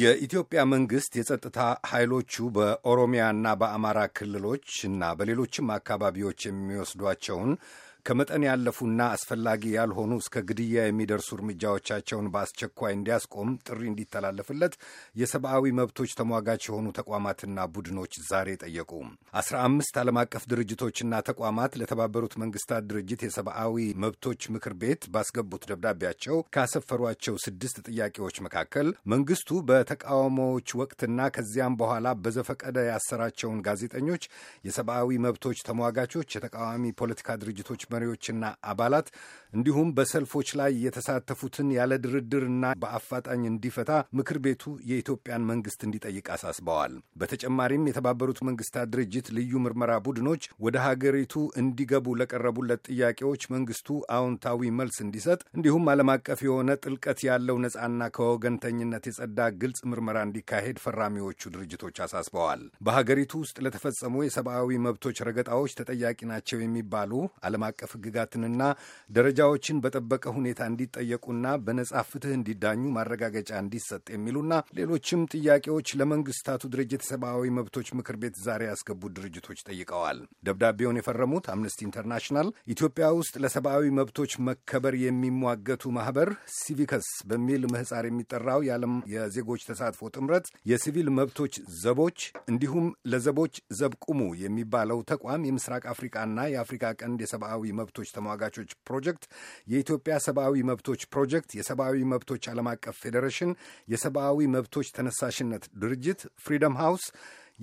የኢትዮጵያ መንግሥት የጸጥታ ኃይሎቹ በኦሮሚያና በአማራ ክልሎች እና በሌሎችም አካባቢዎች የሚወስዷቸውን ከመጠን ያለፉና አስፈላጊ ያልሆኑ እስከ ግድያ የሚደርሱ እርምጃዎቻቸውን በአስቸኳይ እንዲያስቆም ጥሪ እንዲተላለፍለት የሰብአዊ መብቶች ተሟጋች የሆኑ ተቋማትና ቡድኖች ዛሬ ጠየቁ። አስራ አምስት ዓለም አቀፍ ድርጅቶችና ተቋማት ለተባበሩት መንግስታት ድርጅት የሰብአዊ መብቶች ምክር ቤት ባስገቡት ደብዳቤያቸው ካሰፈሯቸው ስድስት ጥያቄዎች መካከል መንግስቱ በተቃውሞዎች ወቅትና ከዚያም በኋላ በዘፈቀደ ያሰራቸውን ጋዜጠኞች፣ የሰብአዊ መብቶች ተሟጋቾች፣ የተቃዋሚ ፖለቲካ ድርጅቶች መሪዎችና አባላት እንዲሁም በሰልፎች ላይ የተሳተፉትን ያለ ድርድርና በአፋጣኝ እንዲፈታ ምክር ቤቱ የኢትዮጵያን መንግስት እንዲጠይቅ አሳስበዋል። በተጨማሪም የተባበሩት መንግስታት ድርጅት ልዩ ምርመራ ቡድኖች ወደ ሀገሪቱ እንዲገቡ ለቀረቡለት ጥያቄዎች መንግስቱ አዎንታዊ መልስ እንዲሰጥ እንዲሁም ዓለም አቀፍ የሆነ ጥልቀት ያለው ነጻና ከወገንተኝነት የጸዳ ግልጽ ምርመራ እንዲካሄድ ፈራሚዎቹ ድርጅቶች አሳስበዋል። በሀገሪቱ ውስጥ ለተፈጸሙ የሰብአዊ መብቶች ረገጣዎች ተጠያቂ ናቸው የሚባሉ ዓለም አቀፍ አቀፍ ሕግጋትንና ደረጃዎችን በጠበቀ ሁኔታ እንዲጠየቁና በነጻ ፍትህ እንዲዳኙ ማረጋገጫ እንዲሰጥ የሚሉና ሌሎችም ጥያቄዎች ለመንግስታቱ ድርጅት የሰብአዊ መብቶች ምክር ቤት ዛሬ ያስገቡ ድርጅቶች ጠይቀዋል። ደብዳቤውን የፈረሙት አምነስቲ ኢንተርናሽናል፣ ኢትዮጵያ ውስጥ ለሰብአዊ መብቶች መከበር የሚሟገቱ ማህበር ሲቪከስ በሚል ምህፃር የሚጠራው የዓለም የዜጎች ተሳትፎ ጥምረት፣ የሲቪል መብቶች ዘቦች እንዲሁም ለዘቦች ዘብቁሙ የሚባለው ተቋም የምስራቅ አፍሪካና የአፍሪካ ቀንድ የሰብአዊ መብቶች ተሟጋቾች ፕሮጀክት፣ የኢትዮጵያ ሰብአዊ መብቶች ፕሮጀክት፣ የሰብአዊ መብቶች ዓለም አቀፍ ፌዴሬሽን፣ የሰብአዊ መብቶች ተነሳሽነት ድርጅት፣ ፍሪደም ሃውስ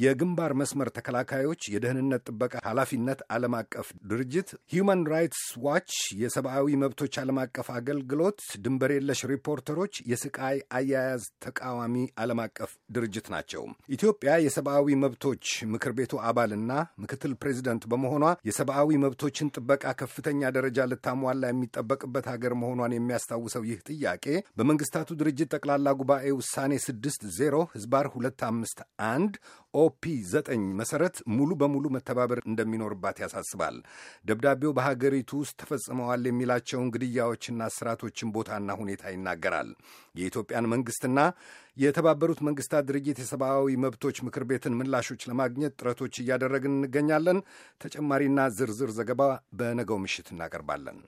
የግንባር መስመር ተከላካዮች የደህንነት ጥበቃ ኃላፊነት ዓለም አቀፍ ድርጅት፣ ሂዩማን ራይትስ ዋች፣ የሰብአዊ መብቶች ዓለም አቀፍ አገልግሎት፣ ድንበር የለሽ ሪፖርተሮች፣ የስቃይ አያያዝ ተቃዋሚ ዓለም አቀፍ ድርጅት ናቸው። ኢትዮጵያ የሰብአዊ መብቶች ምክር ቤቱ አባልና ምክትል ፕሬዚደንት በመሆኗ የሰብአዊ መብቶችን ጥበቃ ከፍተኛ ደረጃ ልታሟላ የሚጠበቅበት ሀገር መሆኗን የሚያስታውሰው ይህ ጥያቄ በመንግስታቱ ድርጅት ጠቅላላ ጉባኤ ውሳኔ 6 0 ህዝባር 251 ኦፒ ዘጠኝ መሰረት ሙሉ በሙሉ መተባበር እንደሚኖርባት ያሳስባል። ደብዳቤው በሀገሪቱ ውስጥ ተፈጽመዋል የሚላቸውን ግድያዎችና ስራቶችን ቦታና ሁኔታ ይናገራል። የኢትዮጵያን መንግስትና የተባበሩት መንግስታት ድርጅት የሰብአዊ መብቶች ምክር ቤትን ምላሾች ለማግኘት ጥረቶች እያደረግን እንገኛለን። ተጨማሪና ዝርዝር ዘገባ በነገው ምሽት እናቀርባለን።